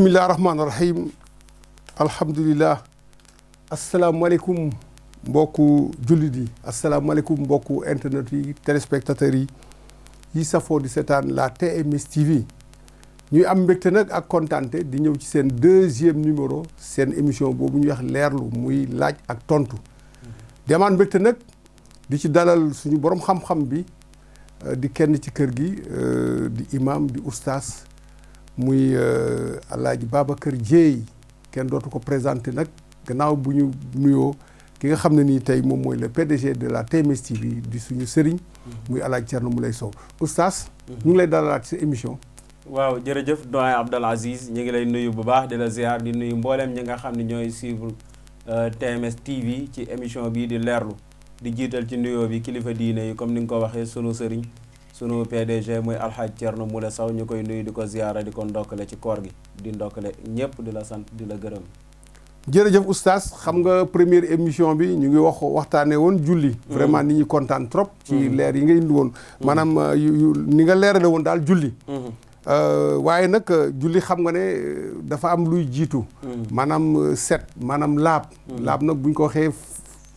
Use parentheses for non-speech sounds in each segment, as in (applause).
bisimilah rahmaani rahim alhamdulillah asalaamualeykum mbokku jullit yi asalaamualeykum mbokku internet yi téléspectateurs yi yi safoo di seetaan la TMS TV ñuy am mbégte nag ak kontaante di ñëw ci seen deuxième numéro seen émission boobu ñuy wax leerlu muy laaj ak tontu. di amaan mbégte nag di ci dalal suñu borom xam-xam bi di kenn ci kër gi euh, di imam di oustaz. muy euh, Alaaji kër Dieye kenn dootu ko présenté nag gannaaw bu ñu nuyoo ki nga xam ne nii tey moom mooy le PDG de la TMS TV di suñu sëriñ. Mhm. muy Alaaji Thierno Moulay Sow oustaz. Mhm. ñu ngi lay dalalaat si émission. waaw jërëjëf doyen Abdal Aziz ñu ngi lay nuyu bu baax di la ziar di nuyu mbooleem ñi nga xam ne ñooy suivre euh, TMS TV ci émission bii di leerlu di jiital ci nuyoo bi kilifa diine yi comme ni nga ko waxee sunu sëriñ. sunu PDG muy Alxaaj Thierno Moule saw ñu koy nuyu di ko ziyaara di ko ndokkale ci koor gi di ndokkale ñëpp di la sant di la gërëm. jërëjëf oustaz xam nga première émission bi ñu ngi wax waxtaanee woon julli. Mm. vraiment ni ñi kontaan trop. ci mm. leer yi nga indi woon. Mm. maanaam euh, ni nga leerale woon daal julli. Mm-hmm. Euh, waaye nag euh, julli xam nga ne dafa am luy jiitu. maanaam set maanaam laab. laab nag buñ ko waxee.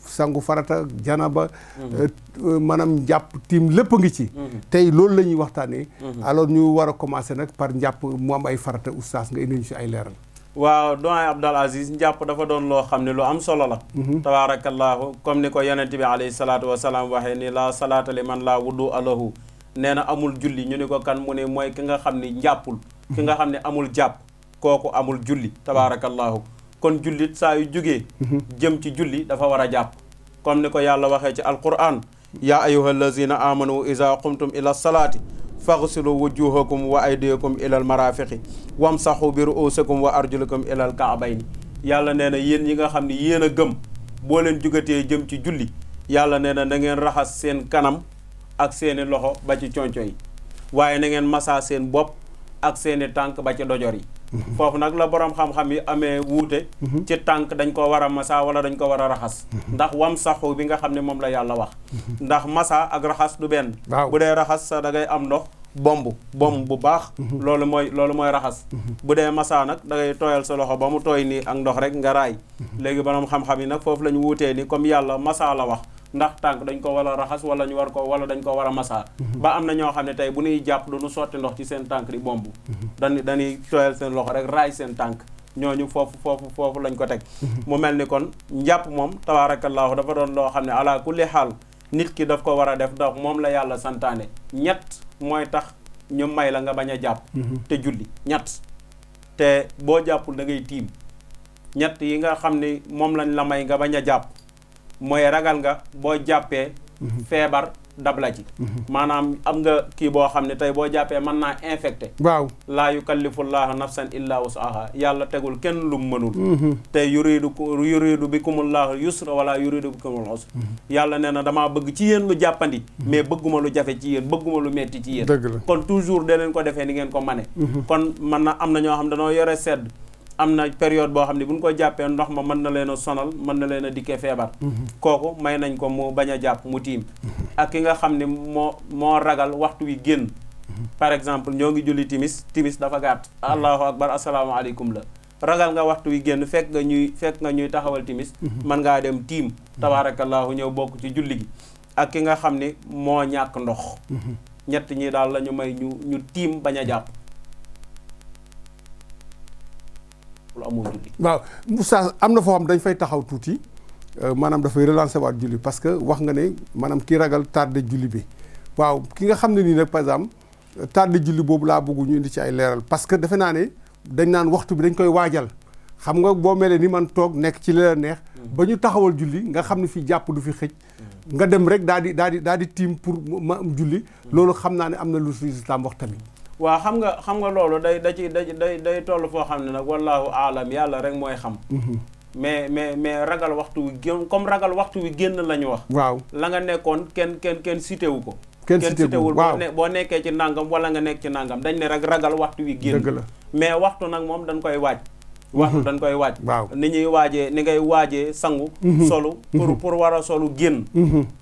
sangu farata janaba mhm. euh, euh, maanaam njàpp tiim lépp a ngi ci mhm. tey loolu la ñuy waxtaanee mhm. alors ñu war a commencer nag par njàpp mu am ay farata oustaz nga indi ñu si ay leeral waaw doyen Abdal Aziz njàpp dafa doon loo xam ne lu am solo la tabaarakallaahu comme ni ko yonent bi alayhi salaatu wasalaam waxee laa salaata man laa wudu alahu nee na amul julli ñu ni ko kan mu ne mooy ka nga xam ni njàppul ki nga xam ne amul jàpp kooku amul julli tabaarakallaahu kon jullit saa yu jógee mhm. jëm ci julli dafa war a jàpp comme ni ko yàlla waxee ci alquran yaa ayuha allazina amanu iza qumtum ila salaati faghsilu wujuhakum wa aydiyakum ilal marafiqi wamsahu bi ru'usikum wa arjulakum ilal kaabayni yàlla nee na yéen yi nga xam ni yéen a gëm boo leen jugatee jëm ci julli yàlla nee na na ngeen raxas seen kanam ak seeni loxo ba ci conco yi waaye na ngeen masaa seen bopp ak seeni tànk ba ci dojor yi Mhm. foofu nag la borom xam-xam yi amee wuute mhm. ci tànk dañ ko war a masaa wala dañ ko war a raxas mhm. ndax wam saxu bi nga xam ne moom la yàlla wax ndax masaa ak raxas du benn bu dee raxas sa da ngay am ndox bomb bomb bu baax loolu mooy loolu mooy raxas bu dee masa nag dangay tooyal sa loxo ba mu tooy nii ak ndox rek nga raay léegi borom xam-xam yi nag foofu la ñu wuutee ni comme yàlla masaa la wax ndax tànk dañ ko war a raxas wala ñu war ko wala dañ ko war a masaa mhm. ba am na ñoo xam ne tey bu ñuy jàpp du ñu sotti ndox ci seen tànk di bomb mhm. dañu dañuy tooyal seen loxo rek raay seen tànk ñooñu foofu foofu foofu lañ ko teg mhm. mu mel ni kon njàpp moom tabaarakallaahu dafa doon loo xam ne ala kulli xaal nit ki daf ko war a def ndax moom la yàlla santaane ñett mooy tax ñu may la nga bañ a jàpp te julli ñett te boo jàppul da ngay tiim ñett yi nga xam ne moom lañ la may nga bañ a jàpp mooy ragal nga boo jàppee mhm. feebar dab la ci mhm. maanaam am nga kii boo xam ne tey boo jàppee mën naa infecté waaw laa yukallifullaaha nafsan illaa wusaha yàlla tegul kenn lum mënul mhm. te yuridu yuridu bikumullaahu yusra wala yuridu bikumul usra yàlla nee na dama bëgg ci yéen lu jàppandi mais bëgguma lu jafe ci yéen bëgguma lu metti ci yéen kon toujours da leen ko defee ni ngeen ko mane kon man na am na ñoo xam ne dañoo yore sedd am na période boo xam ne bu ñu ko jàppee ndox ma mën na leen a sonal mën na leen a dikkee feebar mhm. kooku may nañ ko mu bañ a jàpp mu tiim mhm. ak ki nga xam ne moo moo ragal waxtu wi génn mhm. par exemple ñoo ngi julli timis timis dafa gàtt allahu akbar asalaamaaleykum la ragal nga waxtu wi génn fekk nga ñuy fekk nga ñuy taxawal timis mën ngaa dem tiim tabaarakallaahu ñëw bokk ci julli ak ki nga xam ne moo ñàkk ndox ñett ñi daal lañu may ñu ñu tiim bañ a jàpp waaw Moussa am na foo xam dañ fay taxaw tuuti euh, maanaam dafay relancer waat julli parce que wax nga ne maanaam ki ragal tardé julli bi waaw ki nga xam ne nii nag par exemple tardé julli boobu laa bëgg ñu indi ci ay leeral parce que defe naa ne dañ naan waxtu bi dañ koy waajal xam nga boo melee ni man toog nekk ci li la neex hmm. ba ñu taxawal julli nga xam ne fii jàpp du fi xëj hmm. nga dem rek daal di daal di daal di tiim pour ma am julli hmm. loolu xam naa ne am na lu si islam wax waa xam nga xam nga loolu day da ci day day toll foo xam ne nag wallaahu aalam yàlla rek mooy xam. Mhm. mais mais mais ragal waxtu wi génn comme ragal waxtu wi génn la ñu wax. waaw la nga nekkoon kenn kenn kenn cité wu ko. kenn cité wul waaw boo nekkee ci nangam wala nga nekk ci nangam dañ ne rek ragal waxtu wi génn. la mais waxtu nag moom dañ koy waaj. Mhm. waxtu dañ koy waaj. waaw ni ñuy waajee ni ngay waajee sangu. Mhm. solu pour pour war a solu génn.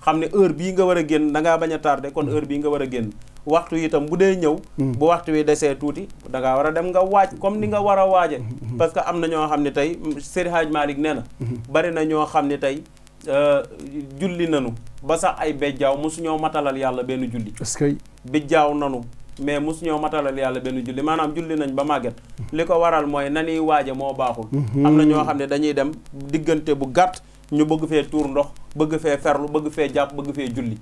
xam ne heure bii nga war a génn da ngaa bañ a tardé kon heure bii nga war a génn. waxtu yi itam bu dee ñëw hmm. bu waxtu wi desee tuuti da war a dem nga waaj comme ni nga war a waaje hmm. Hmm. parce que am na ñoo xam ne tey Serigne Hadj Malick nee na bari na ñoo xam ne tey euh, julli nanu ba sax ay bejjaaw mosu ñoo matalal yàlla benn julli bejjaaw nanu mais mosu ñoo matalal yàlla benn julli maanaam julli nañ ba màgget li ko waral mooy nanuy waaje moo baaxul am na ñoo xam ne dañuy dem diggante bu gàtt ñu bëgg fee tuur ndox bëgg fee ferlu bëgg fee jàpp bëgg fee julli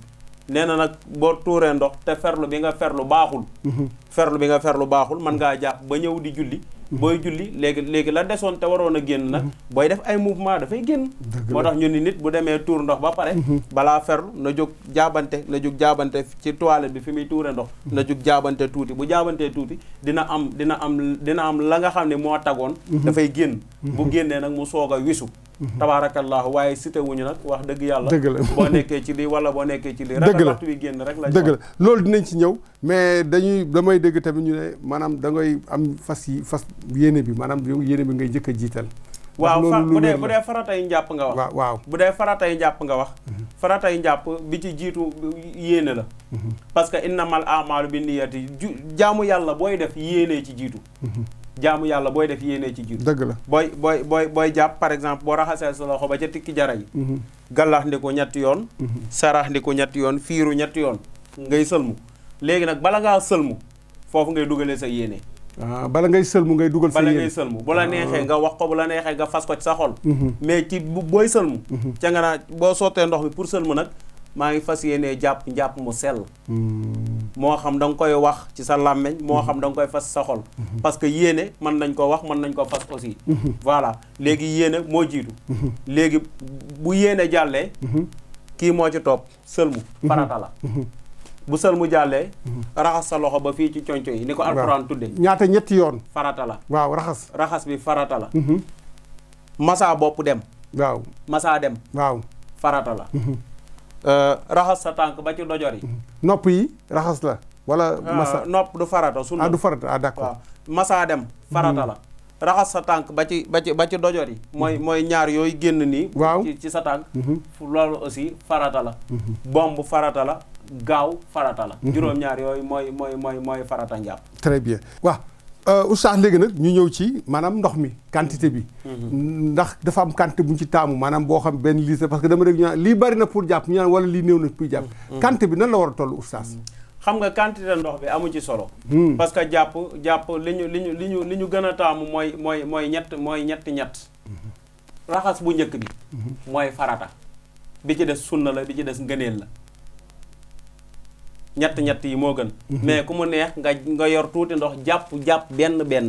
nee na nag boo tuuree ndox te ferlu bi nga ferlu baaxul mhm. ferlu bi nga ferlu baaxul mën ngaa jàpp ba ñëw di julli booy julli léegi léegi la desoon te waroon a génn nag mhm. booy def ay mouvement dafay génn moo tax ñu ni nit bu demee tuur ndox ba pare mhm. balaa ferlu na jóg jaabante na jóg jaabante ci toilette bi fi muy tuure ndox mhm. na jóg jaabante tuuti bu jaabantee tuuti dina am dina am dina am la nga xam ne moo tagoon dafay génn bu génnee nag mu soog a wisu tabaarakallahu waaye cité nag wax dëgg yàlla dëgg la boo nekkee ci lii wala boo nekkee ci lii dëgg la bi génn rek la dëgg la loolu dinañ ci ñëw mais dañuy damay dëgg tamit ñu ne maanaam da ngay am fas yi fas yéene bi maanaam yow yéene bi ngay jëkk a jiital waaw bu dee bu dee faratay njàpp nga waaw bu dee faratay njàpp nga wax mhm. faratay njàpp bi ci jiitu yéene la mhm. parce que innamal amalu bi niyati jaamu yàlla booy def yéene ci jiitu mhm. jaamu yàlla booy def yéene ci jiitu dëgg la booy booy booy booy jàpp par exemple boo raxasee sa loxo ba ca tikki jara yi gallax ndiku ñetti yoon sarax ndiku ñetti yoon fiiru ñetti yoon ngay sëlmu léegi nag bala ngaa sëlmu foofu ngay dugalee sa yéene Ah, bala ngay sëlmu ngay dugal sa yére bala ngay sëlmu bu la neexee nga wax ko bu la neexee nga fas ko ci sa xol mhm. mais ci booy sëlmu mhm. ca nga naa boo sottee ndox mi pour sëlmu nag maa ngi fas yéene jàpp njàpp mu sel hmm. moo xam da nga koy wax ci sa làmmeñ moo mhm. xam da koy fas sa parce que yéene mën nañ wax mën nañ ko fas aussi voilà léegi yéene moo jiitu léegi bu yéene jàllee kii moo ci topp sëlmu farata bu sël mu jàllee mhm. raxas sa loxo ba fii ci coñco yi ni ko alxuraan tudde ñaata ñetti yoon farata la waaw raxas raxas bi farata la mhm. masaa bopp dem waaw masaa dem waaw farata la mhm. euh, raxas sa tànk ba ci dojor yi nopp yi raxas la wala euh, masa nopp du farata sunna ah, ah, masaa dem farata la raxas sa tànk ba ci ba dojor yi mooy mooy ñaar yooyu génn nii waaw ci sa tànk loolu aussi farata la bomb farata la gaaw farata la. Mhm. juróom-ñaar yooyu mooy mooy mooy mooy farata njàpp. très bien waaw euh, oustaz léegi nag ñu ñëw ci maanaam ndox mi quantité bi. Mhm. ndax dafa am quantité bu ñu ci taamu maanaam boo xam benn litre parce que dama dégg ñu naan lii na pour jàpp ñu naan wala lii néew na pour jàpp. Mhm. bi nan la war a toll oustaz. xam nga quantité ndox amu ci solo. parce que jàpp jàpp li li li ñu li ñu gën a taamu mooy mooy mooy ñett mooy ñett ñett. raxas bu njëkk bi. mooy farata bi ci des sunna la bi ci des ngëneel la. ñett-ñett yi moo gën mhm. mais ku mu neex nga nga yor tuuti ndox jàpp-jàpp benn benn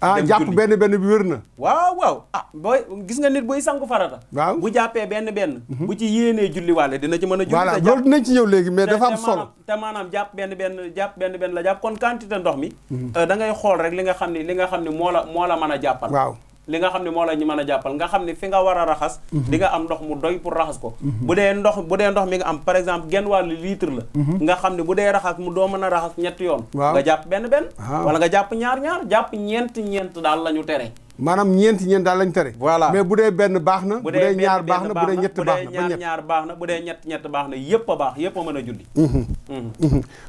ah jàpp benn benn bi wér na waaw waaw ah booy gis nga nit buy sangu farata waaw bu jàppee benn benn mhm. bu ci yéenee julli waale dina ci mën a julli voilà loolu dinañ ci ñëw léegi mais dafa am solo te maanaam jàpp benn benn jàpp benn benn la jàpp kon quantité ndox mi mhm. euh, da ngay xool rek li nga xam ne li nga xam ni moo la moo la mën a jàppal waaw li nga xam ne moo la mën a jàppal nga xam ne fi nga war a raxas mhm. di nga am ndox mu doy pour raxas ko mhm. bu dee ndox bu dee ndox mi nga am par exemple genn wàllu litre la mhm. nga xam ne bu dee raxas mu doo mën a raxas ñetti yoon nga jàpp benn benn ah. wala nga jàpp ñaar ñaar jàpp ñeent ñeent daal la ñu tere maanaam ñeenti ñeent daal lañ tere voilà mais bu dee benn baax na bu dee ñaar baax na bu dee ñett baax na bu dee ñaar baax na bu dee ñett ñett baax na yëpp a baax yëpp a mën a julli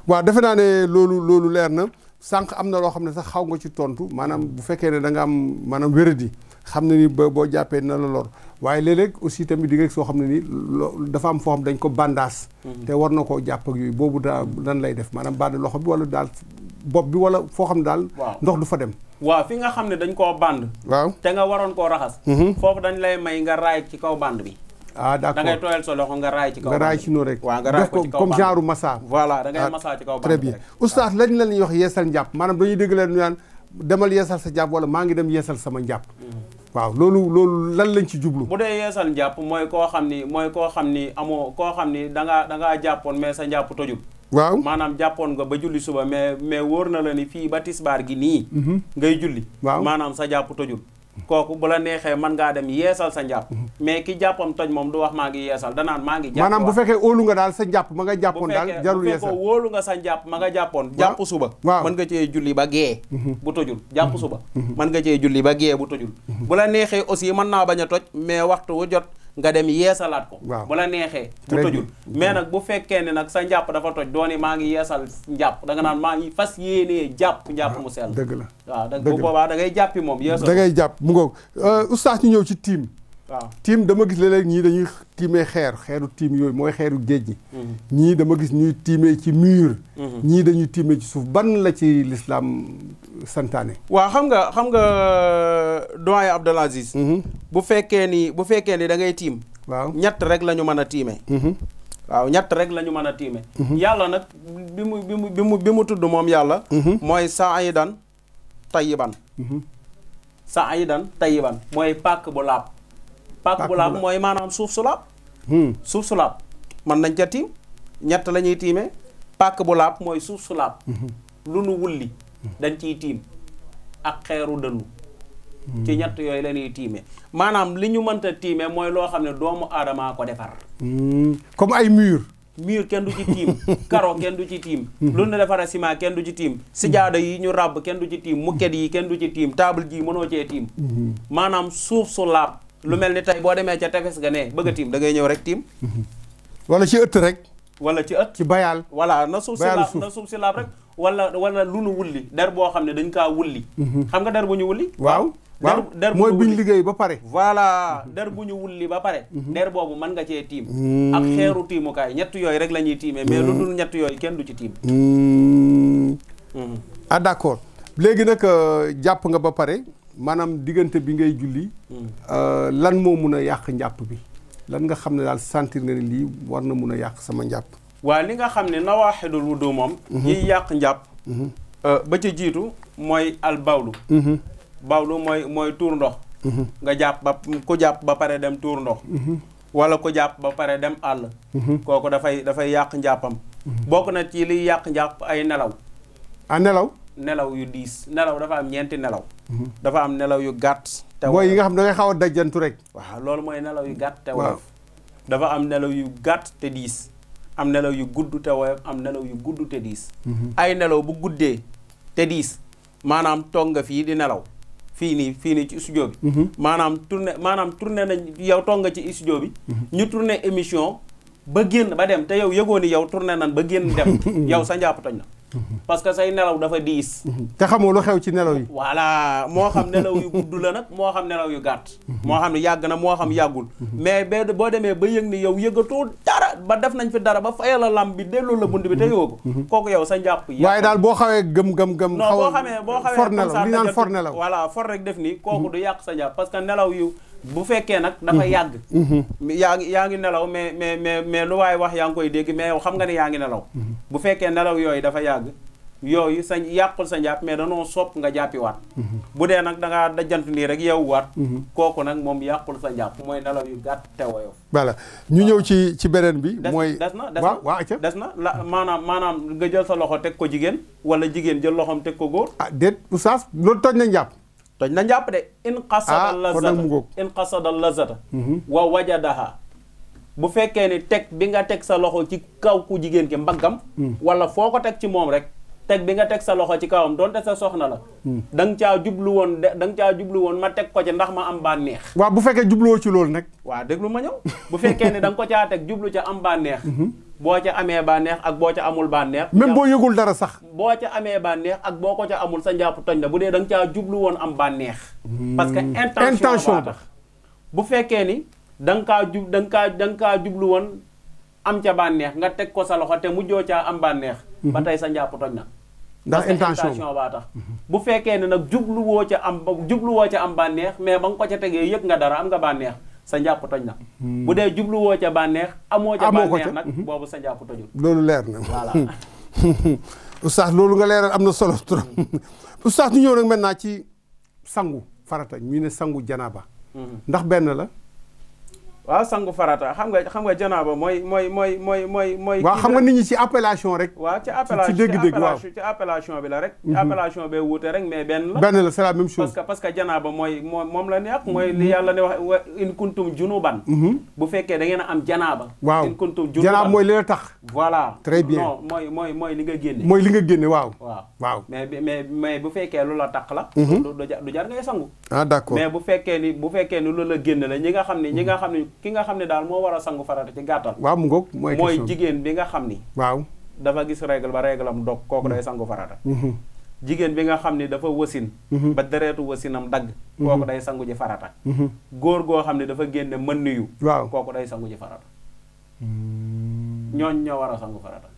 waaw defe naa ne loolu sànq am na loo xam ne sax xaw nga ci tontu maanaam bu fekkee ne da nga am maanaam wéradi xam ne ni ba boo jàppee na la lor waaye léeg aussi tamit di soo xam ne ni dafa am foo xam dañ ko bandaas mm-hmm. te war na koo jàpp yooyu boobu daa lan lay def maanaam bànd loxo bi walla daal bopp bi wala foo xam ne daal ndox du fa dem waaw fi nga xam ne dañ koo bànd waaw te nga waroon koo raxas mm-hmm. foofu dañ lay may nga raay ci kaw band bi ah d' accord da ngay tooyal sa loxo nga raay ci kaw. nga raay ci noonu rek waaw nga raay ko ci kaw comme genre massa. voilà da ngay ah, massa ci kaw très bien oustaz lañ la ñuy wax yeesal njàpp maanaam dañuy dégg leen ñu naan demal yeesal sa njàpp wala maa ngi dem yeesal sama njàpp. Mm-hmm. waaw loolu loolu lan lañ ci jublu. bu dee yeesal njàpp mooy koo xam ni mooy koo xam ni amoo koo xam ni da ngaa da ngaa jàppoon mais sa njàpp tojub. waaw maanaam jàppoon nga ba julli suba mais mais wóor na la ni fii ba tisbaar gi nii. Mm-hmm. ngay julli. waaw maanaam sa jàpp tojul kooku bu la neexee man ngaa dem yeesal sa njàpp mhm. mais ki jàppam toj moom du wax maa ngi yeesal danaan maa ngi jàpp maanaam bu fekkee óolu nga daal sa njàpp ma nga jàppoon daal jarul nga sa njàpp ma nga jàppoon jàpp suba mhm. mhm. mën nga cee julli ba gee bu tojul jàpp suba mën nga cee julli ba gee bu tojul bu la neexee aussi mën naa bañ a toj mais waxtu wu jot nga dem yeesalaat ko bu la neexee mu tojul mais nag bu fekkee ne nag sa njàpp dafa toj dooni maa ngi yeesal njàpp da nga naan maa ngi fas yéenee jàpp njàpp mu sell dëgg la waaw bu boobaa da ngay jàppi moom yeesal da ngay jàpp mu ngoog euh, oustaz ci ñëw ci tiim waaw tiim dama gis léeg-léeg ñii dañuy tiime xeer xeeru tiim yooyu mooy xeeru géej gi. Mm-hmm. ñii dama gis ñuy tiimee ci mur. Mm-hmm. ñii dañuy tiime ci suuf ban la ci lislaam santaane. waaw xam nga xam nga euh, doyen Abdel Aziz. Mm-hmm. bu fekkee ni bu fekkee ni dangay ngay tiim. waaw ñett rek la ñu mën a tiimee. rek la mën a tiime yàlla nag bi mu bi mu bi mu bi mu tudd moom yàlla mooy saidan tayyiban saidan tayyiban mooy pàkk bu laab pàkk bu laab mooy maanaam suuf su laab hmm. suuf su laab mën nañ ca tiim ñett la ñuy tiimee pàkk bu laab mooy suuf su laab hmm. lu nu wulli dañ ciy tiim ak xeeru dënnu hmm. ci ñett yooyu la ñuy tiime maanaam li ñu mënta tiime mooy loo xam ne doomu aadamaa ko defar comme ay mur mur kenn du ci tiim (laughs) karo kenn du ci tiim lu ñu defar a kenn du ci tiim sijaada yi ñu ràbb kenn du ci tiim mukket yi kenn du ci tiim table ji mënoo cee tiim maanaam suuf su laab lu mel ni tey boo demee ca tefes ga ne bëgg a tiim da ngay ñëw rek tiim wala ci ëtt rek wala ci ëtt ci bayaal voilà na suuf si laab na suuf si wala wala lu nu wulli der boo xam ne dañ kaa wulli mhm. xam nga der bu ñu wulli waaw waaw der mooy ñu liggéey ba pare voilà mhm. der bu ñu wulli ba pare mhm. der boobu man nga cee tiim mm. ak xeeru tiimukaay ñett yooyu rek la ñuy tiimee mais lu mm. dul ñett yooyu kenn du ci tiim mm. ah d'accord léegi nag euh, jàpp nga ba pare maanaam diggante bi ngay julli. Hmm. Euh, lan moo mun a yàq njàpp bi lan nga xam ne daal sentir nga ne lii war na mun a yàq sama njàpp. waa li nga xam ne nawaaxidul wudu moom. Mhm. yiy yàq njàpp. Mhm. Euh, ba ca jiitu mooy al bawlu. Mhm. bawlu mooy mooy tuur ndox. nga jàpp ba ku jàpp ba pare dem tuur ndox. wala ku jàpp ba pare dem àll. kooku dafay dafay yàq njàppam. bokk na ci liy yàq njàpp ay nelaw. a ah, nelaw. nelaw yu diis nelaw dafa am ñeenti nelaw. Mhm. dafa am nelaw yu gàtt. te mooy yi nga xam da ngay xaw a dajjantu rek. waaw loolu mooy nelaw yu gàtt. te woyof dafa am nelaw yu gàtt te diis. am nelaw yu gudd te woyof am nelaw yu gudd te diis. Mhm. ay nelaw bu guddee te diis maanaam toog nga fii di nelaw. fii nii fii nii ci studio bi. Mhm. maanaam tourné maanaam tourné nañ yow toog nga ci studio bi. ñu tourné émission ba génn ba dem te yow yëgoo ni yow tourné nan ba génn dem. (laughs) yow sa njàpp toj na. parce que say nelaw dafa diis. te xamoo lu xew ci nelaw yi. voilà moo xam nelaw yu gudd la nag moo xam nelaw yu gàtt. moo xam ne yàgg na moo xam yàggul. mais ba boo demee ba yëg ni yow yëgatoo dara ba def nañ fi dara ba fayal la lam bi delloo la bunt bi te yëgoo ko. Mhm. kooku yow sa njàpp yi. waaye daal boo xawee gëm gëm gëm. xaw a for nelaw non boo xamee for nelaw li naan for nelaw rek def ni. kooku mhm. du yàq sa njàpp parce que nelaw yu. bu fekkee nag dafa mhm. yàgg mhm. yaa ngi yaa ngi nelaw mais mais mais mais lu waaye wax yaa ngi koy dégg mais yow xam nga ne yaa ngi nelaw mhm. bu fekkee nelaw yooyu dafa yàgg yooyu sa yàqul sa njàpp mais danoo sopp nga jàppiwaat bu dee nag da ngaa dajant nii rek yow waat kooku nag moom yàqul sa njàpp mooy nelaw yu gàtt te woyof voilà ñu ñëw ci ci beneen bi mooy des na des na waaw des na la maanaam maanaam nga jël sa loxo teg ko jigéen wala jigéen jël loxoom teg ko góor ah déet oustaz loolu toj na njàpp toj na njàpp de in qasada ah, lazata in qasada lazata mhm. wa wajadaha bu fekkee ni teg bi nga teg sa loxo ci kaw ku jigéen ki mbaggam mm. wala foo ko teg ci moom rek teg bi nga teg sa loxo ci kawam donte sa soxna la mm. da nga caa jublu woon da caa jublu woon ma teg ko ci ndax ma am bànneex waa bu fekkee jubloo ci loolu nag waa déglu ma ñëw bu fekkee ne da nga ko caa teg jublu ca am bànneex (laughs) mhm. boo ca amee bànneex ak boo ca amul bànneex même boo yëgul dara sax boo ca amee bànneex ak boo ko ca amul sa njàpp toñ na bu dee danga caa jublu woon am bànneex hmm. parce que intention ba bu fekkee ni da kaa jub da kaa da nga kaa jublu woon am ca bànneex nga teg ko sa loxo te mujjoo caa am bànneex ba hmm. tey sa njàpp toj na ndax intention baa tax bu fekkee ne nag jublu woo ca am jublu woo ca am bànneex mais ba nga ko ca tegee yëg nga dara am nga bànneex sa njàpp toj na hmm. bu dee woo ca bànneex amoo ca bànneex nag hmm. boobu sa njàpp tojul loolu leer na voilà (laughs) loolu nga leeral am na solo trop hmm. oustaz ñu ñëw nag naa ci sangu farata ñu ne sangu janaaba ndax benn la waaw sangu farata xam nga xam nga janaaba mooy mooy mooy mooy mooy mooy waaw xam nga nit ñi ci appellation rek waaw ci appellation ci bi la rek ci mhm. appellation bee wuute rek mais benn mooy moom moom la neex mooy li mhm. yàlla ne mhm. bu fekkee a am janaaba waaw in kuntum junuban janaaba mooy li nga génne mooy li nga génne waaw waaw waaw mais bu fekkee lu la tax la du jar ngay sangu ah d'accord mais bu fekkee ni lu la génne la ñi nga xam ne ñi nga xam ne ki nga xam ne daal moo war a sangu farata ci gàttal. waaw mu ngoog mooy mooy jigéen bi nga xam ni. waaw dafa gis règle ba règle am dog kooku day mm-hmm. sangu farata. Mm-hmm. jigéen bi nga xam ni dafa wasin mm-hmm. ba dereetu wasinam dagg kooku day sangu ji farata góor goo xam ne dafa génne mën nuyu waaw kooku day sangu ji farata ñooñ ñoo war a sangu farata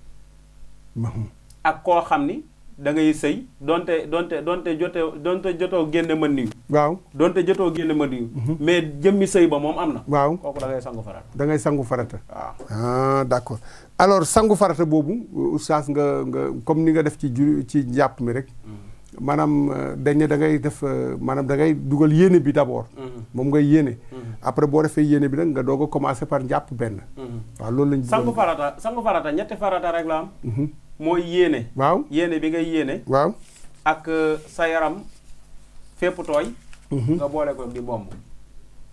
ak koo xam ni da ngay sëy donte donte donte jote donte jotoo génne mën niyu waaw donte jotoo génne mën niyu mhm. mais jëmmi sëy ba moom am waaw kooku da ngay sangu farata da ngay sangu farata waaw ah d'accord alors sangu farata boobu oustaz nga nga comme ni nga def ci ju ci njàpp mi rek mhm. maanaam euh, dañ ne da ngay def euh, maanaam da ngay dugal yéene bi d'abord mhm. moom ngay yéene après boo defee yéene bi nag nga doog a commencer par njàpp benn waaw loolu lañ sangu farata sangu farata ñetti farata rek la am mooy yéene. waaw yéene bi ngay yéene. waaw ak euh, sa yaram fépp tooy. Mhm. nga boole ko di bomb.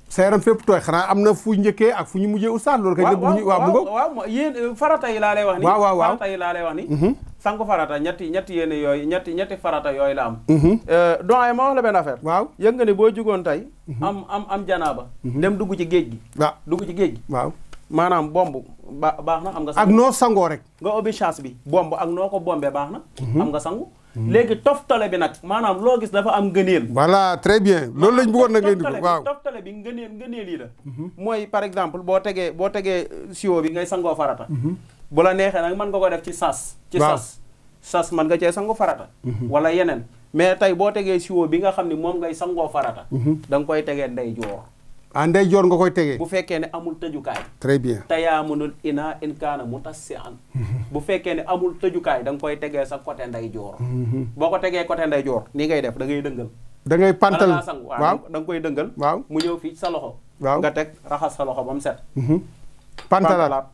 sa yaram fépp tooy xanaa am na fu njëkkee ak fu ñu mujjee oustaz loolu kay. waaw waaw waaw yéen euh, farata laa lay wax. waaw waaw farata yi laa lay wax ni. Mhm. sangu farata ñetti ñetti yéene yooyu ñetti mhm. euh, waaw yëg boo jugoon tey. am am am janaaba. dem ci géej gi. dugg ci géej gi waaw. maanaam bomb ba baax na xam nga. ak noo sangoo rek. nga ubbi chance bi bomb ak noo ko bombee baax na. Mhm. xam nga sangu. léegi toftale bi nag maanaam loo gis dafa am ngëneel. voilà très bien loolu lañ bëggoon a ngay dugg waaw toftale bi ngëneel ngëneel yi la. Mhm. mooy par exemple boo tegee boo tegee siwo bi ngay sangoo farata. Mhm. bu la neexee nag mën nga ko def ci sas. ci sas sas mën nga cee sangu farata. wala yeneen mais tey boo tegee siwo bi nga xam ni moom ngay sangoo farata. da nga koy tegee ndeyjoor. ah ndey joor nga koy tegee. bu fekkee ne amul tëjukaay. très bien tayaamunul ina in kaana mu tas si an (laughs) bu fekkee ne amul tëjukaay da nga koy tegee sa côté nday joor. Mm-hmm. boo ko tegee côté nday joor. nii ngay def da ngay dëngal. dangay ngay pantal waaw da nga koy dëngal. waaw mu ñëw fii sa loxo. waaw nga teg raxas sa loxo ba mu set. Mm-hmm. pantalaat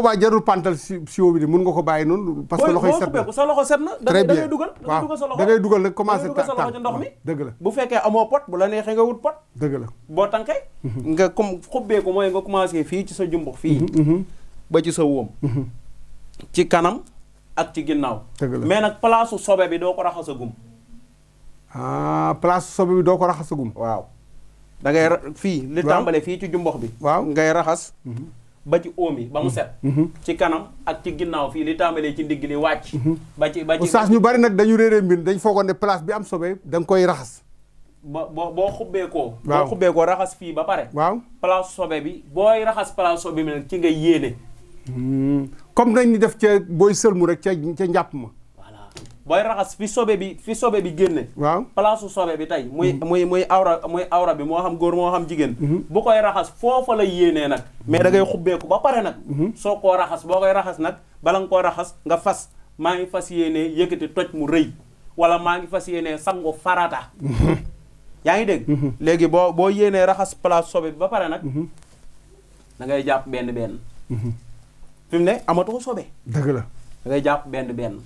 boobaa jarul pantal si siwo nga ko bàyyi noonu. parce que loxoy set na sa loxo set na. très bien da ngay dugal da ngay dugal sa loxo da ngay bu fekkee amoo pot bu la neexee nga wut pot. dëgg la boo tànkee. Mhm. nga comme xubbee mooy nga commencé fii ci sa jumbux fii. Mhm, mhm. ba ci sa wóom. ci kanam ak ci ginnaaw. dëgg la mais nag place sobe bi doo ko raxasagum. ah place sobe bi doo ko raxasagum. waaw da ngay fii li tàmbale fii ci jumbox bi. waaw ngay raxas. ba ci oom yi ba mu set. Mm-hmm. Mm-hmm. ci kanam ak ci ginnaaw fii li tàmbalee ci ndigg li wàcc. Mm-hmm. ba ci ba ci oustaz ñu bari nag dañu réeree mbir dañ foogoon ne place bi am sobe da nga koy raxas. ba boo boo xubbee koo. waaw raxas fii ba pare. waaw place sobe bi booy raxas place sobe bi nag ci nga yéene. comme nañ def ca booy sëlmu rek ca ca njàpp ma. booy raxas fi sobe bi fi sobe bi génne waaw place sobe bi tey muy mm-hmm. muy muy awra muy awra bi moo xam góor moo xam jigéen mm-hmm. bu koy raxas foofa la yéenee nag mais da ngay mm-hmm. xubbeeku ba pare nag soo ko raxas boo koy raxas nag bala nga koo raxas nga fas maa ngi fas yéenee yëkkati toj mu rëy wala maa ngi fas yéenee sangu farata yaa ngi dégg léegi boo boo yéenee raxas place sobe bi ba pare nag da ngay jàpp benn benn fi ne amatoo sobe dëgg la da ngay jàpp benn benn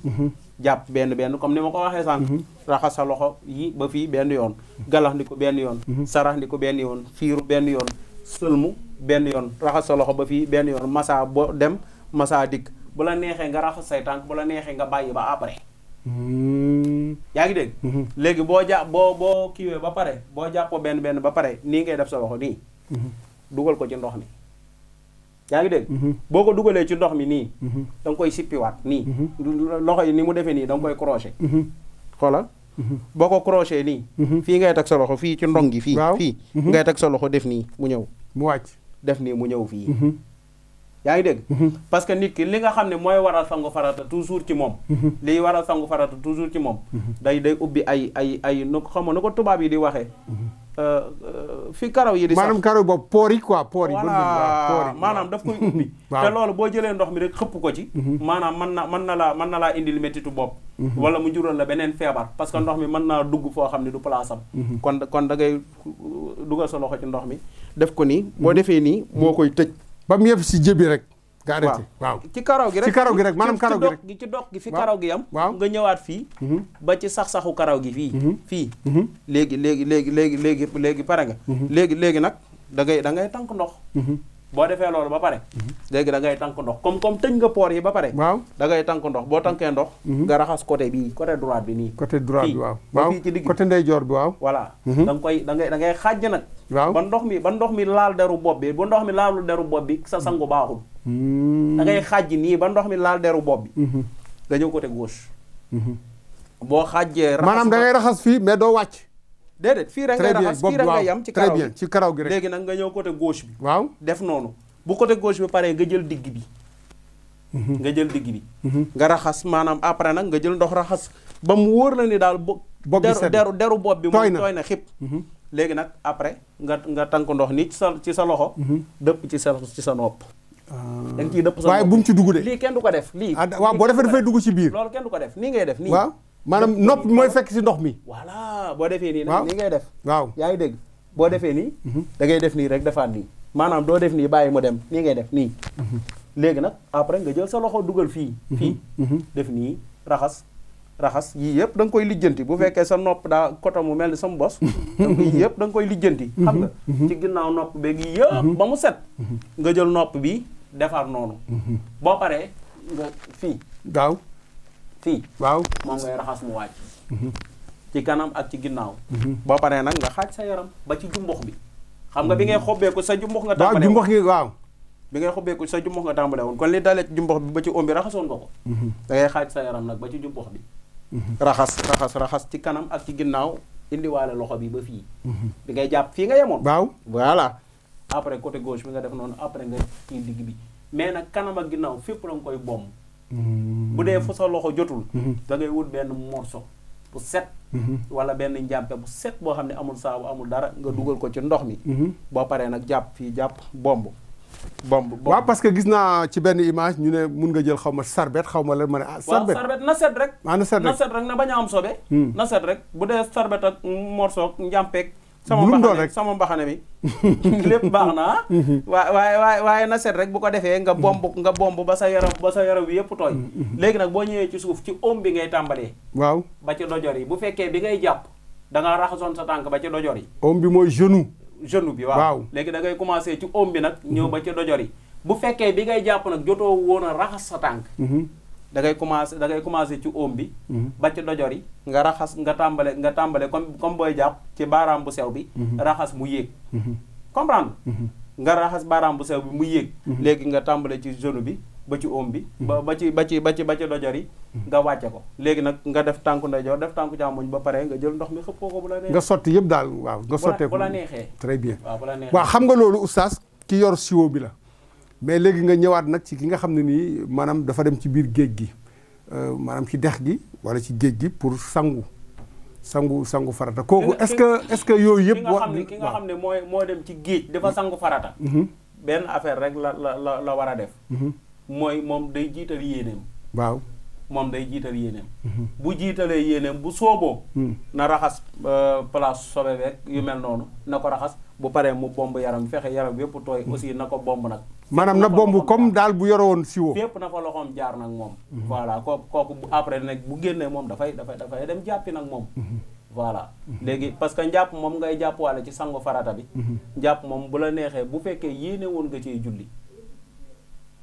jàpp benn benn comme ni ma ko waxee sànq mhm. raxas sa loxo yi ba fii benn yoon mhm. galax benn yoon mhm. sarax ndiku benn yoon fiiru benn yoon sëlmu benn yoon raxas sa loxo ba fii benn yoon massa bo dem masaa dikk bu la neexee nga raxas say tànk bu la neexee nga bàyyi ba après hmm. yaa ngi dégg léegi boo jàpp boo boo kiiwee ba pare boo jàppoo benn benn ba pare nii ngay def sa loxo nii dugal ko ci ndox mi yaa ngi dégg. Mhm. boo ko dugalee ci ndox mi nii. Mhm. danga koy sippiwaat nii. Mhm. loxo yi ni mu defee nii da nga koy crochet. xoolal boo ko crochet nii. fii ngay teg sa loxo fii ci ndong gi fii. fii ngay teg sa loxo def nii mu ñëw. mu wàcc def nii mu ñëw fii. yaa ngi dégg. parce que nit ki li nga xam ne mooy waral sangu farata toujours ci moom. liy waral sangu farata toujours ci moom. day day ubbi ay ay ay nu xam na ko tubaab yi di waxe fi karaw yi di. maanaam karaw boobu poor yi quoi poor yi. voilà maanaam daf koy ubbi. (laughs) te loolu boo jëlee ndox mi rek xëpp ko ci. Mhm. maanaam mën naa mën na laa mën na laa indil méttitu bopp. Mhm. wala mu jural la beneen feebar parce que mhm. ndox mi mën naa dugg foo xam ne du place am. kon kon da dugal sa loxo ci ndox mi def ko nii. boo defee nii moo koy tëj. ba mu yëf si jëbi rek. nga arrêté waaw ci karaw gi rek ci karaw gi rek maanaam karaw gi rek gi ci dox gi fi karaw gi yam waaw nga ñëwaat fii mhm. ba ci sax-saxu karaw gi fii mhm. fii mhm. léegi léegi léegi léegi léegi léegi pare nga léegi léegi nag da ngay da ngay tànk ndox boo defee loolu ba pare léegi da ngay tànk ndox comme comme tëj nga poor yi ba pare waaw dangay ngay tànk ndox boo tànkee ndox nga raxas côté bii côté droite bi nii côté droite bi waaw waaw fii ci digg côté ndeyjoor bi waaw voilà da koy da ngay da ngay xàjj nag ba ndox mi ba ndox mi laal deru bopp bi ba ndox mi laalu deru bopp bi sa sangu baaxul Hmm. da ngay nii ba ndox mi laal deru bopp bi. Hmm. nga ñëw côté gauche. Hmm. boo xàjjee. raxas maanaam da raxas fii mais doo wàcc. déedéet fii rek ngay raxas fii rek yam ci karaw ci karaw gi rek léegi nag nga ñëw côté gauche bi. waaw def noonu bu côté gauche bi paree nga jël digg bi. nga jël digg bi. nga raxas maanaam après nag nga jël ndox raxas ba mu wóor la ni daal bo. bopp bi sedd deru deru bopp bi. mooy na tooy na xip. léegi nag après nga nga tànk ndox ni ci sa ci sa loxo. dëpp ci sa ci sa nopp. Ah. da nga ciy dëpp sa bu mu ci dugg de lii kenn du ko def lii ah, waaw boo defee dafay dugg ci biir kenn ko def nii ngay def nii maanaam nopp mooy fekk si ndox mi voilà boo defee nii nag nii ngay def waaw yaa ngi dégg boo defee nii mhm. da ngay def nii rek defaat nii maanaam doo def nii bàyyi mu dem nii ngay def nii mhm. léegi nag après nga jël sa loxo dugal fii mhm. fii def nii raxas raxas yii yëpp da koy lijjanti bu fekkee sa nopp daa koto mu mel ni sam bos donc yii yëpp da nga koy lijjanti xam nga ci ginnaaw nopp beeg yii yëpp ba mu set nga jël nopp bi defar noonu. Mhm. boo paree nga fii. gaaw fii. waaw moom ngay raxas mu waaj mhm. ci kanam ak ci ginnaaw. Mhm. boo paree nag nga xaaj sa yaram ba ci jumbux bi. xam nga bi ngay xobbeeku sa jumbux nga. tàmbalee waaw jumbux gi waaw. bi ngay xobbeeku sa jumbux nga tàmbalee woon kon li dalee ci jumbux bi ba ci oom bi raxasoon nga ko. da xaaj sa yaram nag ba ci jumbux bi. raxas raxas raxas ci kanam ak ci ginnaaw indiwaale loxo bi ba fii. bi ngay jàpp fii nga yemoon. waaw voilà. après côté gauche bi nga def noonu après nga kii digg bi mais na kanam ak ginnaaw fépp la nga koy bomb. Mm-hmm. bu dee fu sa loxo jotul. Mm-hmm. da ngay wut benn morso bu set. Mm-hmm. wala benn njàmpe bu set boo xam ne amul saabu amul dara nga dugal ko ci ndox mi. boo paree nag jàpp fii jàpp bomb. bomb waaw parce que gis naa ci benn image ñu ne mun nga jël xaw ma sarbet xaw ma la ma ne ah. sarbet na set rek. ah na set na set rek na bañ am sobe. Mm. na set rek bu dee sarbet ak morceau njàmpeek sama mbaxane rek sama mbaxane mi (laughs) lépp baax na waa waaye waaye na set rek bu ko defee nga bomb nga bomb ba sa yaram ba sa yaram bi yëpp tooy mm, mm, mm. léegi nag boo ñëwee ci suuf ci om bi ngay tàmbalee waaw ba ci dojor yi bu fekkee bi ngay jàpp da nga sa tànk ba ci dojor yi om bi mooy genou genou bi waaw léegi da ci om bi nag ñëw ba ci dojor yi bu fekkee bi ngay jàpp nag jotoo woon a raxas sa tànk mm-hmm. da ngay commencé da ngay commencé ci oom bi. Mhm. ba ci dojor yi nga raxas nga tàmbale nga tàmbale comme comme booy jàpp ci baaraam bu sew bi. Mhm. raxas mu yéeg. Mhm. comprendre nga raxas baaraam bu sew bi mu yéeg. léegi nga tàmbale ci genou bi ba ci ome bi. ba ba ci ba ci ba ci ba ci dojor yi. nga wàcce ko léegi nag nga def tànku ndeyjoor def tànku càmmoñ ba pare nga jël ndox mi xëppoo ko bu la neexee. nga sotti yëpp daal waaw nga sottee ko bu la neexee. très waaw la neexee waaw xam nga loolu oustaz ki yor siwo bi la. mais léegi nga ñëwaat nag ci ki nga xam ne nii maanaam dafa dem ci biir géej gi euh, maanaam ci dex gi wala ci géej gi pour sangu sangu sangu farata kooku est-ce que est-ce que yooyu yëpp. wa ki nga xam ne mooy moo dem ci géej dafa mm-hmm. sangu farata. Mm-hmm. benn affaire rek la la la war a def. Mm-hmm. mooy moom day jiital yéeneem. waaw. moom day jiital yéeneem mhm. bu jiitalee yéeneem bu sooboo mm. na raxas euh, place sobe beeg yu mel noonu na ko raxas bu paree mu bomb yaram fexe yaram yépp tooy mm. aussi na ko bomb nag maanaam na bomb comme daal bu yore woon siwo fépp na fa loxoom jaar nag moom mm-hmm. voilà koo kooku après nag bu génnee moom dafay dafay dafay dem jàppi nag moom mm-hmm. voilà mm-hmm. léegi parce que njàpp moom ngay jàpp jàppwaale ci sangu farata bi njàpp moom bu la neexee bu fekkee yéene nga cee julli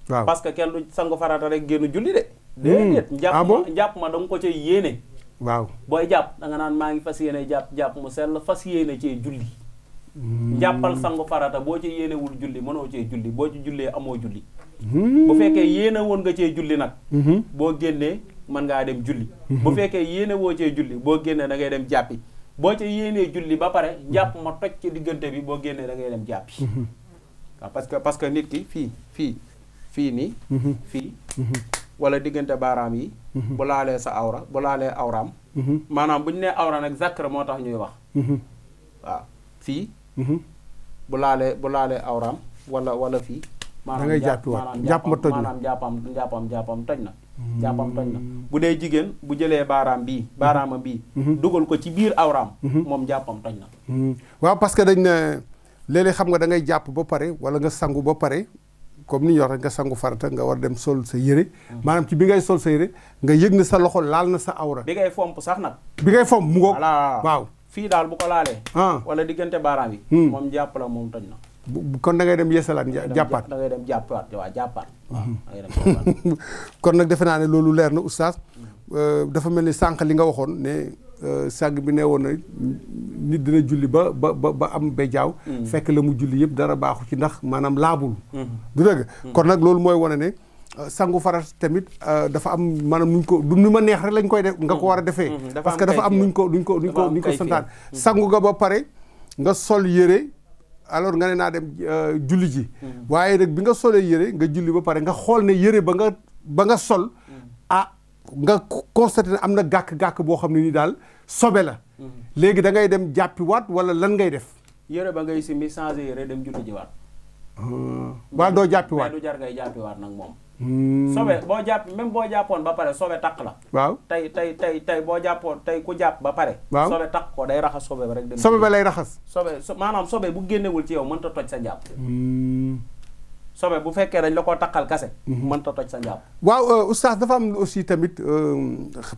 parce que kenn du sangu farata génn julli déedéet hmm. ah jàpp ma njàpp ma da nga ko cay yéene waaw booy jàpp da nga naan maa ngi fas yéene jàpp jàpp mu sell fas yéene cee julli hmm. jàppal sangu farata boo ci yéenewul julli manoo cee julli boo ci jullee amoo julli hmm. bu fekkee yéene woon nga cee julli nag boo génnee mën ngaa dem julli bu fekkee yéene woo cee julli boo génnee da ngay dem jàppi boo ci yéenee julli ba pare njàpp ma toj ci diggante bi boo génnee da ngay dem jàppi waaw ah, parce que parce que nit ki fii fii fii nii fii wala diggante baaraam yi. Mhm. bu laalee sa awra bu laalee awraam. Mhm. maanaam bu ñu nee awra nag zakra moo tax ñuy wax. Mhm. waaw fii. bu laalee bu laalee awraam wala wala fii. da ngay jàppiwaat jàpp ma toj na maanaam jàppam jàppam jàppam toj na. jàppam toj na bu dee jigéen bu jëlee baaraam bii baaraama bii. dugal ko ci biir awraam. moom jàppam toj na. waaw parce que dañ ne léeg xam nga da ngay jàpp ba pare wala nga sangu ba pare comme ni ñu wax rek nga sangu farata nga war dem sol sa yére maanaam ci bi ngay sol sa yére nga yëg na sa loxo laal na sa awra bi ngay fomp sax nag bi ngay fomp mu ngoog waaw fii daal bu ko laalee ah. wala diggante baaraam bi hmm. moom jàpp la moom toj na kon da ngay dem yeesalaat da ngay dem jàppaat waaw jàppaat hmm. (laughs) kon nag defe naa ne loolu leer na oustaz hmm. euh, dafa mel ni sànq li nga waxoon ne sàng bi nee woon na nit dina julli ba ba ba ba am bejaaw hmm. fekk la mu julli yëpp dara baaxu ci ndax maanaam laabul hmm. du dëgg hmm. kon nag loolu mooy wane ne euh, sangu farat tamit euh, dafa am maanaam nuñ ko du nu ma neex rek lañ koy def nga ko war a defee parce que dafa am nuñ ko nuñ ko nuñ ko nuñ ko santaan sangu nga ba pare nga sol yére alors nga naa dem euh, julli ji waaye nag bi nga solee yére nga julli ba pare nga xool ne yére ba nga ba nga sol ah nga am na gàkk-gàkk boo xam ne nii daal sobe la. léegi da ngay dem jàppi waat wala lan ngay def. yére ba ngay simbi changé yére dem julli ji waat. Ah. waa doo jàppi waat jar ngay jàppi nag moom. Hmm. sobe boo jàpp même boo jàppoon ba pare sobe takk la. waaw tey tey tey tey boo jàppoon tey ku jàpp ba pare. waaw sobe takk ko day raxas sobe ba rek. dem sobe ba lay raxas. sobe maanaam sobe bu génnewul ci yow mënta a toj sa jàpp. Hmm. sobe bu fekkee dañ la koo taqal kase. Mhm. mënta toj sa njàpp. waaw euh, oustaz dafa am aussi tamit euh,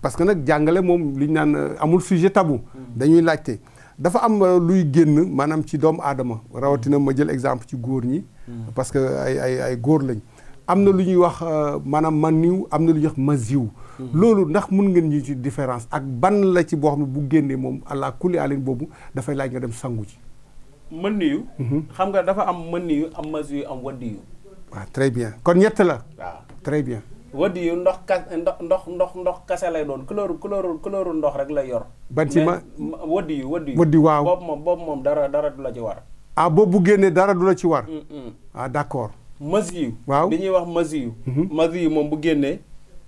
parce que nag jàngale moom li ñu naan euh, amul sujet tabou. Mhm. dañuy laajte dafa am luy génn maanaam ci doomu aadama rawatina ma jël exemple ci góor ñi. Mhm. parce que ay ay ay góor lañ. am na lu ñuy wax maanaam maniw am na lu ñuy wax maziw. loolu ndax mun ngeen ñu ci différence ak ban la ci boo xam ne bu génnee moom allah kulli alin boobu dafay laaj nga dem sangu ci. mën yu mhm. xam nga dafa am mën niyu am masi yu am waddi yu waaw très bien kon ñett la waaw très bien waddi yu ndox kas ndox ndox ndox ndox kase lay doon couleur couleur couleur ndox rek lay yor ba ci ma waddi yu waddi yu waddi waaw boobu moom dara dara du la ci war ah boobu bu génnee dara du la ci war ah d'accord masu yu waaw li ñuy wax masi yu mhm. masu yu moom bu génnee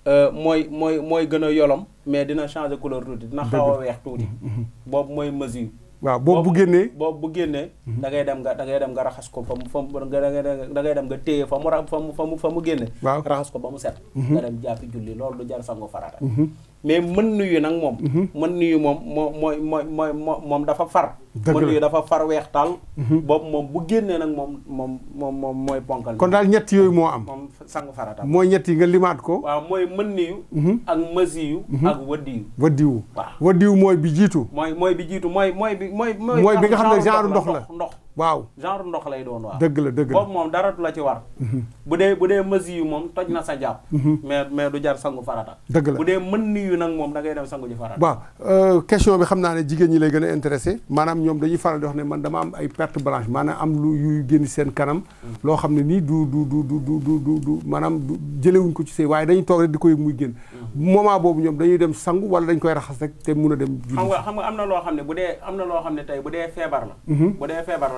euh, mooy mooy mooy gën a yolom mais dina changer couleur tuuti dina xaw a weex tuuti mhm, boobu mooy masu waaw boobu bu génnee boobu bu génnee. Mhm. da ngay dem nga da ngay dem nga raxas ko fa mu fa mu nga ngay dem nga téye fa mu ra fa mu fa mu génne. waaw raxas ko ba mu set. Mhm. nga dem jàppi julli loolu du jar sangu farata. Mhm. mais mën nuyu nag moom mhm. mën nuyu moom moo mooy mooy mooy moom dafa far mën nuyu dafa far weex taal mhm. boobu moom bu génnee nag moom moom moom moom mooy ponkal kon daal ñett yooyu moo am moom sangu farata mooy ñett nga limaat ko waaw mooy mën nuyu mhm. ak masiyu ak wadiyu wadiyu waaw wadiyu mooy bi jiitu mooy mooy bi jiitu mooy mooy bi mooy mooy bi nga xam ne genre ndox la ndox waaw genre ndox lay doon waaw. dëgg la dëgg la boobu moom dara du la ci war. Mhm. bu dee bu dee yu moom toj na sa jàpp. Mhm. mais mais du jar sangu farata. dëgg la bu dee mën ni yu nag moom da dem sangu ji farata. waaw euh, question bi xam naa ne jigéen ñi lay gën a intéressé maanaam ñoom dañuy faral di wax ne man dama am ay perte blanche maanaam am lu yuy génn seen kanam. Mm. loo xam ne nii du du du du du du du maanaam du jëlewuñ ko ci sëy waaye dañuy toog rek di ko yëg muy génn. Mm. moment boobu ñoom dañuy dem sangu wala dañ koy raxas rek te mun a dem. xam nga xam nga am na loo xam ne bu dee am na loo xam ne tey bu dee feebar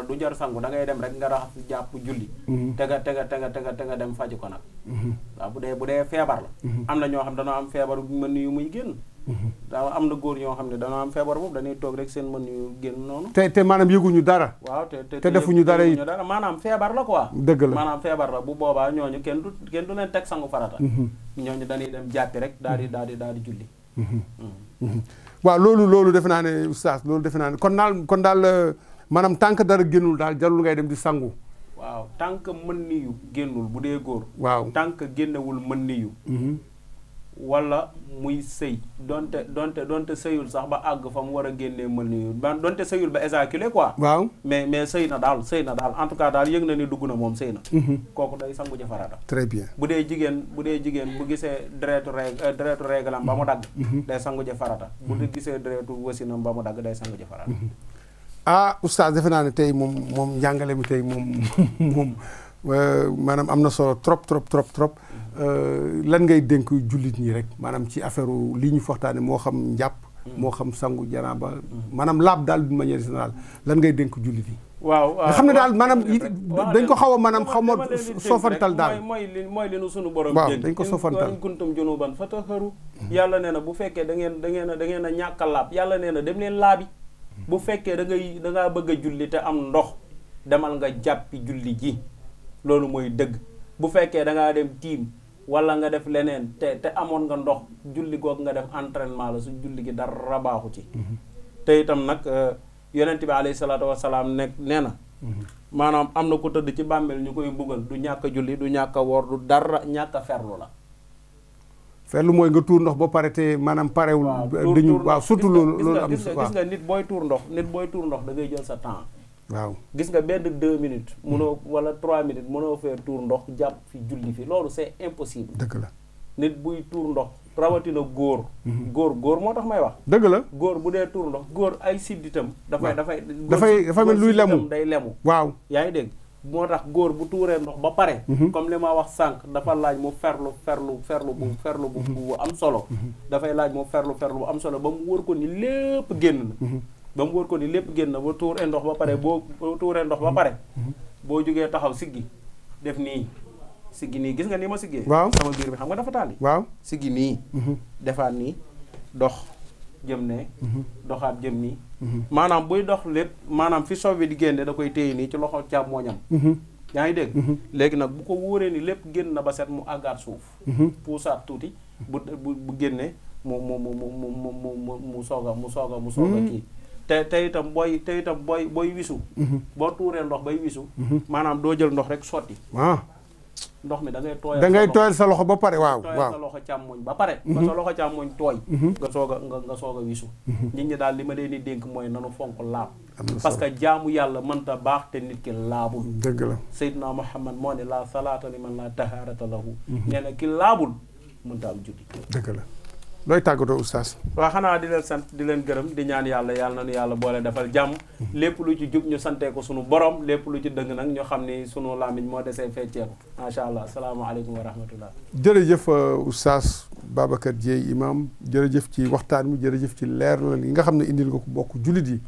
du jar sangu da ngay dem rek nga raxas jàpp julli mhm. te nga te nga te nga dem faj ko nag mhm. waaw bu dee bu dee feebar la mhm. am na ñoo xam danoo am feebar bu mën yu muy génn daaw am na góor ñoo xam ne danoo am feebar boobu dañuy toog rek seen mën yu te maanaam yëguñu dara waaw te te defuñu dara yi maanaam feebar la quoi dëgg la maanaam feebar la bu boobaa ñooñu kenn du kenn du leen teg sangu farata ñooñu dañuy dem jàppi rek daal di daal di daal di julli waaw loolu loolu defe naa ne oustaz loolu defe naa ne kon daal kon daal euh, maanaam tànk dara génnul daal jarul ngay dem di sangu. waaw tànk mën niyu génnul bu dee góor. waaw tànk génnewul mën niyu mm-hmm. wala muy sëy donte donte donte sëyul sax ba àgg fa mu war a génnee mën niyu ba donte sëyul ba éjaculé quoi. waaw mais mais sëy na daal sëy na daal en tout cas daal yëg na ni dugg na moom sëy na. Mm-hmm. kooku day sangu ci farata. très bien bu dee jigéen bu dee jigéen bu gisee deretu reg euh, deretu reglam ba mu dagg. Mm-hmm. day sangu ci farata. bu dee gisee deretu wasinam ba mu dagg day sangu farata. ah oustaz defe naa ne tey moom moom njàngale mi tey moom (laughs) moom euh, maanaam am na solo trop trop trop trop euh, lan ngay dénk jullit ñi rek maanaam ci affaire lii ñu waxtaane moo xam njàpp moo xam sangu ba maanaam laab daal ma d'une manière générale lan ngay dënk jullit yi waaw xam ne daal maanaam dañ ko xaw a maanaam xaw ma soofantal daal mooy mooy li nu sunu borom waaw dañ ko soofantal in kuntum junuban fataharu yàlla nee na bu fekkee da ngeen da ngeen a ngeen a ñàkk a laab yàlla nee na dem leen laabi bu fekkee da ngay da bëgg a julli te am ndox demal nga jàppi julli ji loolu mooy dëgg bu fekkee dangaa dem tiim wala nga def leneen te te amoon nga ndox julli googu nga def entraînement la su julli gi dara baaxu ci. Mhm. te itam nag euh, yonent bi alayhi salaatu wasalaam ne nee na. Mhm. maanaam am na ko tëdd ci bàmmeel ñu koy buggal du ñàkk julli du ñàkk a woor du dara ñàkk a ferlu la. lu mooy nga tuur ndox ba pare te maanaam parewul dañu waaw surtout loolu loolu am gis nga nit booy tuur ndox nit booy tuur ndox ngay jël sa temps waaw gis nga benn deux minutes mënoo mm. wala trois minutes mënoo fee tuur ndox jàpp fi julli fi loolu c'est impossible dëgg la nit buy tuur ndox rawatina góor mm-hmm. góor góor moo tax may wax dëgg la góor bu dee tuur ndox góor ay sidditam dafay dafay dafay dafay mel luy lemu day lemu waaw yaa ngi dégg moo tax góor bu tuuree ndox ba pare mhm. comme li ma wax sànq dafa laaj mu ferlu ferlu ferlu bu mhm. ferlu bu mhm. am solo dafay laaj mu ferlu ferlu bu am solo ba mu wóor ko ni lépp génn na ba mu wóor ko ni lépp génn na ba tuuree ndox ba pare boo boo tuuree ndox ba pare boo jógee taxaw siggi def nii siggi nii gis nga nii ma siggee waaw sama biir bi xam nga dafa taali waaw siggi nii defaat nii dox jëm ne doxaat jëm nii maanaam buy dox lépp maanaam fi sobe di génne da koy téye nii ci loxo càmmooñam mhm. yaa ngi dégg mhm. léegi nag bu ko wóoree ni lépp génn na ba set mu àggaat suuf mhm. puusaat tuuti bu bu génnee mu mu mu mu mu mu mu mu soog a mu soog a mu soog kii te te itam booy te itam booy booy wisu boo tuuree ndox bay wisu maanaam doo jël ndox rek sotti ah. ndox mi da ngay tooyal da ngay tooyal sa loxo ba pare waaw waaw sa loxo càmmoñ ba pare mhm. ba sa loxo càmmoñ tooy mhm. nga soog a nga soog a wisu mhm. nit ñi daal li ma leen di dénk mooy nanu fonk laab parce que jaamu yàlla mënta baax te nit ki laabul dëgg la Seydina Muhammad moo ne laa salaata liman laa tahaarata lahu nee na ki laabul mënta am julli dëgg la looy tàggatoo oustaz. waa xanaa di leen sant di leen gërëm di ñaan yàlla yàlla na nu yàlla boole defal jàmm. lépp lu ci jub ñu santee ko sunu borom lépp lu ci dëng nag ñu xam ni sunu làmmiñ moo desee fecceeku macha allah salaamaaleykum wa rahmatullah. jërëjëf euh, oustaz Babacar Dieye imam jërëjëf ci waxtaan mi jëf ci leer la li nga xam ne indil nga ko bokk jullit yi.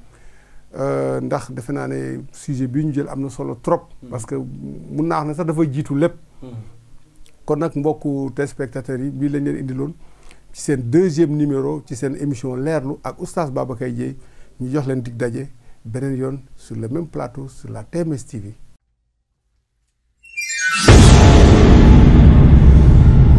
Euh, ndax defe naa ne sujet bi ñu jël am na solo trop. parce que mun naa wax ne sax dafa jiitu lépp. Hmm. kon nag mbokku téléspectateurs yi bii lañ leen indiloon. ci seen deuxième numéro ci seen émission leerlu ak oustaz Babacar Dieye ñu jox leen dig daje beneen yoon sur le même plateau sur la TMS TV